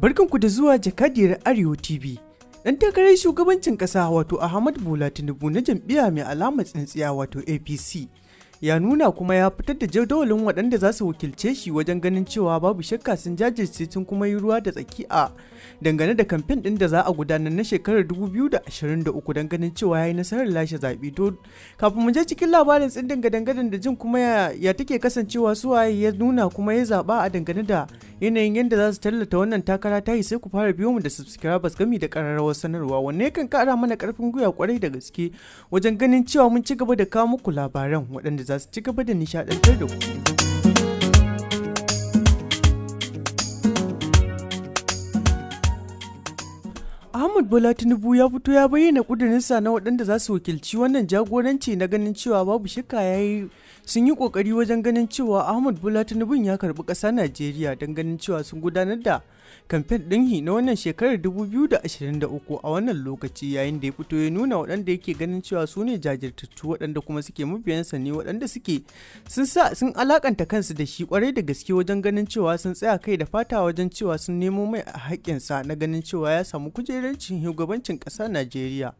Barkanku da zuwa jakadiyar Arewa TV. Dan takarar shugabancin ƙasa wato Ahmad Bola Tinubu na jam'iyya mai alamar tsintsiya wato APC ya nuna kuma ya fitar da jadawalin waɗanda za su wakilce shi wajen ganin cewa babu shakka sun jajirce sun kuma yi ruwa da tsaki a dangane da kamfen din da za a gudanar na shekarar 2023 don ganin cewa ya yi nasarar lashe zaɓe to kafin mu je cikin labarin tsin danga dangane da jin kuma ya take kasancewa su waye ya nuna kuma ya zaɓa a dangane da yanayin yadda za su tallata wannan takara ta yi sai ku fara biyo mu da subscribers gami da ƙararrawar sanarwa wanne kan kara mana karfin gwiwa kwarai da gaske wajen ganin cewa mun ci gaba da kawo muku labaran waɗanda za su ci gaba da nishaɗantar da ku. Muhammad Bola Tinubu ya fito ya bayyana sa na wadanda za su wakilci wannan jagoranci na ganin cewa babu shakka ya yi sun yi ƙoƙari wajen ganin cewa Ahmad Bola Tinubu ya karbi kasa Najeriya don ganin cewa sun gudanar da kamfen hi na wannan shekarar 2023 a wannan lokaci yayin da ya fito ya nuna waɗanda yake ganin cewa su ne jajirtattu waɗanda kuma suke mabiyansa ne waɗanda suke sun sa sun alakanta kansu da shi kwarai da gaske wajen ganin cewa sun tsaya kai da fata wajen cewa sun nemo mai sa na ganin cewa ya samu kujerar ƙarƙashin shugabancin ƙasar Najeriya.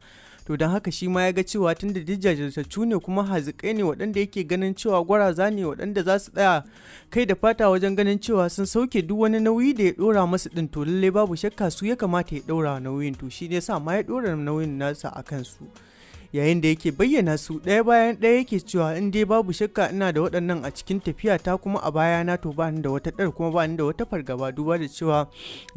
To don haka shi ma ya ga cewa tun da jajirtattu ne kuma hazikai ne waɗanda yake ganin cewa gwaraza ne waɗanda za su tsaya kai da fata wajen ganin cewa sun sauke duk wani nauyi da ya ɗora masu ɗin to lallai babu shakka su ya kamata ya ɗora nauyin to shi ne sa ma ya ɗora nauyin nasa a kansu. su. yayin da yake bayyana su ɗaya bayan ɗaya yake cewa in dai babu shakka ina da waɗannan a cikin tafiya ta kuma a baya na to ba da wata ɗar kuma ba da wata fargaba duba da cewa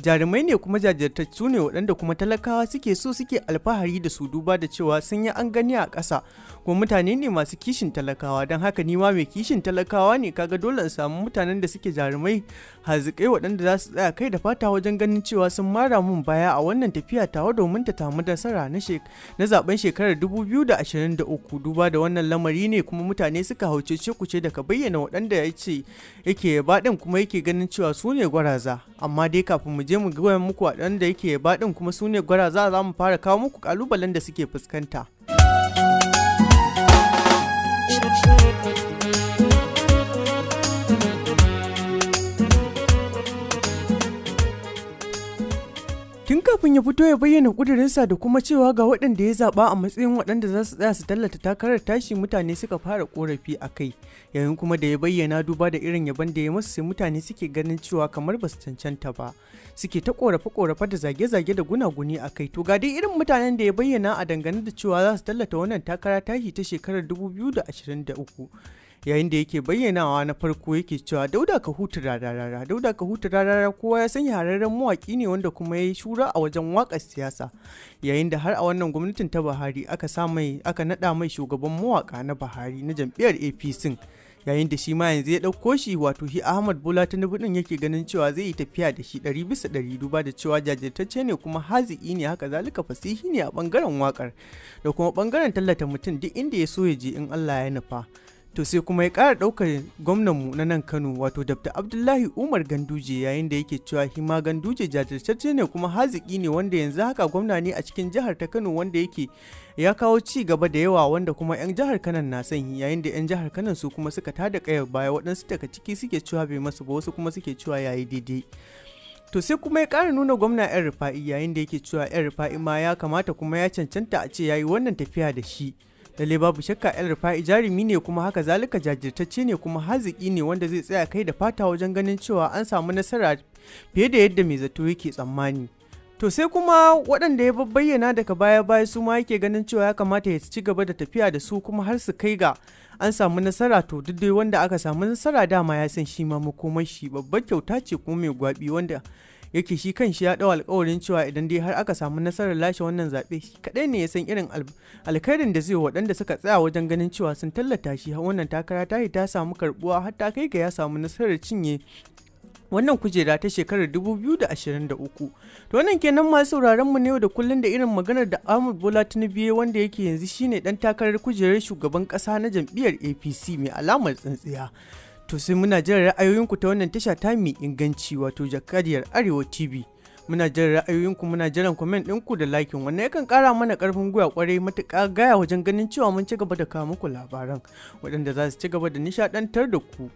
jarumai ne kuma jajirtattu ne waɗanda kuma talakawa suke so suke alfahari da su duba da cewa sun yi an gani a ƙasa kuma mutane ne masu kishin talakawa don haka ni ma mai kishin talakawa ne kaga dole in samu mutanen da suke jarumai hazikai waɗanda za su tsaya kai da fata wajen ganin cewa sun mara mun baya a wannan tafiya tawa domin ta tamu nasara na zaben shekarar dubu 2023 duba da wannan lamari ne kuma mutane suka ce kuce daga bayyana waɗanda ya ce yake ba ɗin kuma yake ganin cewa su ne gwaraza amma dai kafin mu je mu gwaya muku waɗanda yake baɗin ɗin kuma su ne gwaraza za mu fara kawo muku ƙalubalen da suke fuskanta. kafin ya fito ya bayyana kudurinsa da kuma cewa ga waɗanda ya zaɓa a matsayin waɗanda za su tsaya su tallata takarar tashi mutane suka fara korafi a kai yayin kuma da ya bayyana duba da irin yaban da ya masu sai mutane suke ganin cewa kamar ba su cancanta ba suke ta korafe korafe da zage-zage da gunaguni a kai to ga dai irin mutanen da ya bayyana a dangane da cewa za su tallata wannan takara tashi ta shekarar 2023 yayin da yake bayyanawa na farko yake cewa dauda ka hutu rarara dauda ka hutu rarara kowa ya san hararren mawaki ne wanda kuma ya yi shura a wajen wakar siyasa yayin da har a wannan gwamnatin ta buhari aka nada mai shugaban mawaka na buhari na jam'iyyar apc yayin da shi ma yanzu ya ɗauko shi wato shi ahmad bola tinubu din yake ganin cewa zai yi tafiya da shi ɗari bisa ɗari duba da cewa jajirtacce ne kuma haziki ne haka zalika fasihi ne a ɓangaren wakar da kuma ɓangaren tallata mutum duk inda ya so ya je in allah ya nufa to sai kuma ya ƙara ɗaukar gwamnanmu na nan kano wato dr abdullahi umar ganduje yayin da yake cewa hima ganduje jajirtacce ne kuma haziki ne wanda yanzu haka gwamna ne a cikin jihar ta kano wanda yake ya kawo ci gaba da yawa wanda kuma 'yan jihar kanan na son yayin da 'yan jihar kanan su kuma suka tada kayar baya waɗansu daga ciki suke cewa bai masu ba wasu kuma suke cewa yayi daidai to sai kuma ya kara nuna gwamna 'yan rufa'i yayin da yake cewa 'yan rufa'i ma ya kamata kuma ya cancanta a ce yayi wannan tafiya da shi lalle babu shakka yan rufa'i jarumi ne kuma haka zalika jajirtacce ne kuma haziki ne wanda zai tsaya kai da fata wajen ganin cewa an samu nasara fiye da yadda mai zato yake tsammani to sai kuma waɗanda ya bayyana daga baya baya su ma yake ganin cewa ya kamata ya ci gaba da tafiya da su kuma har su kai ga an samu nasara to duk dai wanda aka samu nasara dama ya san shi ma makomar shi babbar kyauta ce kuma mai gwabi wanda yake shi kan shi ya dawo alkawarin cewa idan dai har aka samu nasarar lashe wannan zaɓe shi kaɗai ne ya san irin alkhairin da zai waɗanda suka tsaya wajen ganin cewa sun tallata shi wannan takara ta ta samu karbuwa har ta kai ga ya samu nasarar cinye wannan kujera ta shekarar 2023 to wannan kenan masu sauraron mu ne da kullun da irin maganar da Ahmad Bola Tinubu wanda yake yanzu shine dan takarar kujerar shugaban kasa na jam'iyyar APC mai alamar tsintsiya To sai muna jin ra'ayoyinku ta wannan tasha ta mai inganci wato jakadiyar Arewa TV. Muna jin ra'ayoyinku muna jiran comment ɗinku da lakin wannan yakan ƙara mana ƙarfin gwiwa ƙwarai matuƙa gaya wajen ganin cewa mun ci gaba da kawo muku labaran waɗanda za su ci gaba da nishaɗantar da ku.